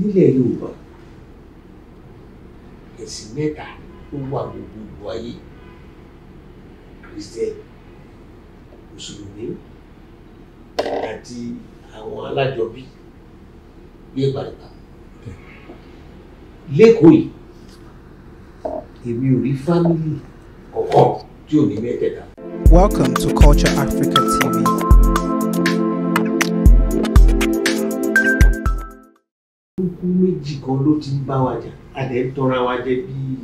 nílẹ̀ Yorùbá ẹ̀sìn mẹ́ta ló wà gbogbo ayé Kristẹni Mùsùlùmí àti àwọn alájọbí ní ìbàdàn lẹ́kọ̀ọ́ yìí èmi ò rí fámìlì ọ̀kan tí ò ní mẹ́tẹ̀ẹ̀ta. Welcome to Culture Africa TV. méjì kan ló ti ń bá wa jà àdé ń tọra wa jẹ bí.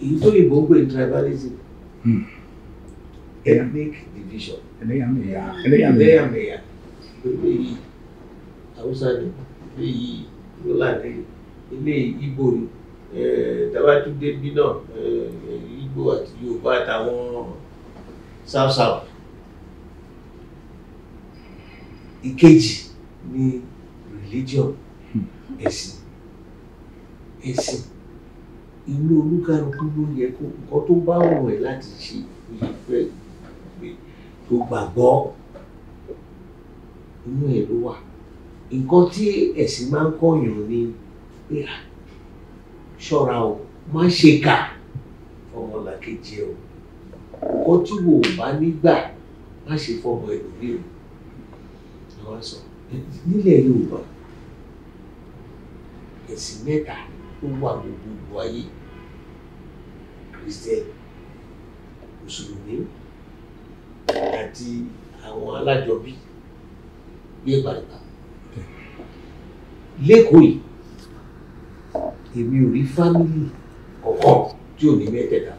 èyí tó yìnbó ń pè tribalism hmm. ethnic division ẹlẹ́yàmẹ̀yà ẹlẹ́yàmẹ̀yà eléyìí haúsá ni eléyìí fúlàní eléyìí ibo ni eh, tabatúndé bí náà eh, ibo àti yorùbá àtàwọn south south. ìkejì ni religion hmm. ẹ̀sìn ẹ̀sìn ìlú olúkálukú ló yẹ kó nǹkan tó bá wù ẹ́ láti ṣe ìfẹ́ gbé tó gbàgbọ́ inú ẹ̀ ló wà nǹkan tí ẹ̀sìn máa ń kọ̀yàn ni pé ṣọ́ra o má ṣe kà ọmọlàkejì ẹ o nǹkan tí wò ó bá nígbà má ṣe fọmọ ẹlòmíràn kan sọ nílẹ̀ Yorùbá ẹ̀sìn mẹ́ta ló wà gbogbo ayé Kristẹni Mùsùlùmí àti àwọn alájọbí gbégbàgbà lẹ́kọ̀ọ́ yìí èmi ò rí fámìlì ọ̀kan tí ò ní mẹ́tẹ̀ẹ̀ta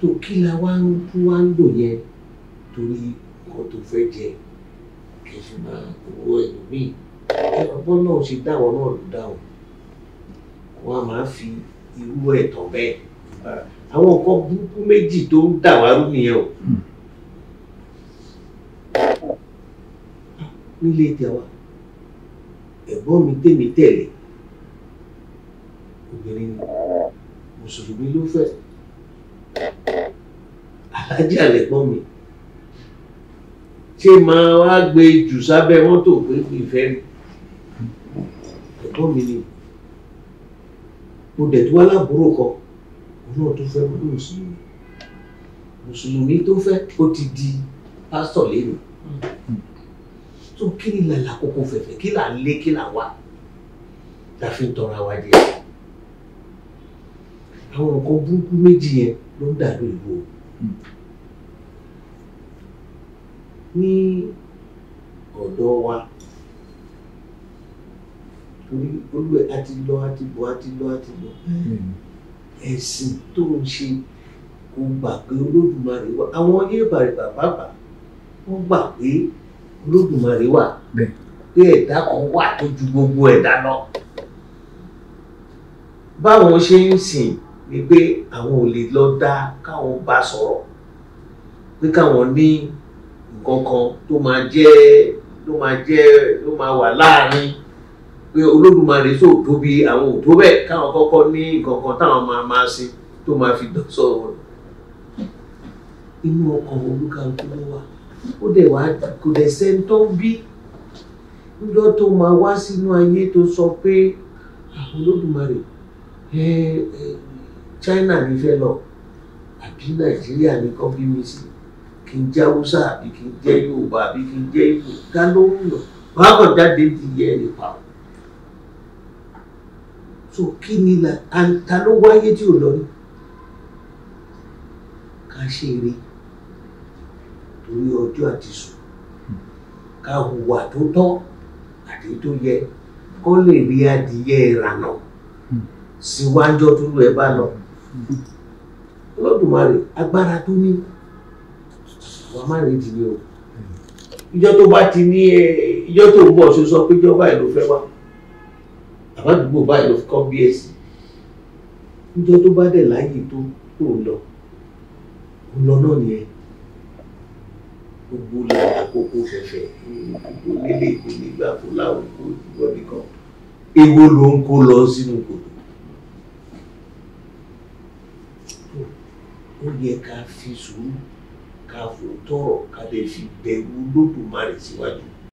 tó kí la wá ń dún wá ń lò yẹn torí nǹkan tó fẹ́ jẹ kì í sì máa wo ẹlòmíì ọgbọ́n náà ṣe dáwọ́ náà ló dáwọ́ wọ́n á máa fi irú ẹ̀tọ́ bẹ́ẹ̀ àwọn nǹkan burúkú méjì tó ń dàwárú nìyẹn o nílé tẹwa ẹ̀gbọ́n mi tèmi tẹ̀lé obìnrin mùsùlùmí ló fẹ́ alájà lẹ̀gbọ́n mi ṣé máa wá gbé jù sábẹ́ mọ́tò pé ìfẹ́ mi ẹ̀gbọ́n mi ni mo dẹ̀ tó wá lábúrò kan òun náà tó fẹ́ mọ́ mùsùlùmí mùsùlùmí tó fẹ́ ó ti di pásítọ̀ lẹ́nu tó kí ni làlà kókó fẹ̀fẹ̀ kí là ń lé kí là wá la fi ń tọra wa jẹ àwọn nǹkan burúkú méjì yẹn ló ń dàlú ìlú ní ọ̀dọ̀ wa torí olúwẹ̀ a ti lọ a ti bọ̀ a ti lọ a ti bọ̀ hmm. ẹ̀sìn tó ń ṣe kò gbà pé olódùmarè wà àwọn yébàrè bàbàbà wọ́n gbà pé olódùmarè wà pé ẹ̀dá kan wà tó ju gbogbo ẹ̀dá lọ báwọn ṣe ń sìn ni pé àwọn ò lè lọ dá káwọn bá sọ̀rọ̀ pé káwọn ní nǹkan kan tó máa jẹ́ ló máa jẹ́ ló máa wà láàrin pé olódùmarè tó tóbi àwọn ò tó bẹ́ẹ̀ káwọn kọ́kọ́ ní nǹkan kan táwọn máa máa sin tó máa fi dán sọ̀rọ̀ wọn. inú ọkàn olúkàlùkù ló wà ó dẹ̀ wá kò dẹ̀ sẹ́ni bí níjọ́ tó máa wá sínú ayé tó sọ pé àwọn olódùmarè China ní fẹ́ lọ àbí Nàìjíríà ní kọ́ bí mi sí kì í jẹ́ haúsá àbí kì í jẹ́ yorùbá àbí kì í jẹ́ ìgbò ta ló ń lọ wàá kàn jáde di yẹ ẹni pa o so kí ni la ta ló wáyé tí ò lọ rí ká ṣe eré torí ọjọ́ àti sùn ká hùwà tó tọ́ àti tó yẹ kó lè rí adìyẹ ìrànà síwájú tó ẹ bá lọ Olódùmarè agbára tó ní wà má rí ìdílé o hmm. ìjọ tó bá ti ní ìjọ tó ń bọ̀ ṣe sọ pé ìjọ báyìí ló fẹ́ wá àbádùgbò báyìí ló fi kọ́ bí ẹ̀sìn ìjọ tó bá dẹ̀ láàyè tó tó lọ kó lọ náà nìyẹn gbogbo làwọn àkókò fẹ̀fẹ̀ kó lélẹ̀ kó nígbà kó láwọn kó ìwọ nìkan ewo ló ń kó lọ sínú kòtò. ó yẹ ká fi sùúrù ká fò tọrọ ká lè fi bẹ̀rù Olódùmarè síwájú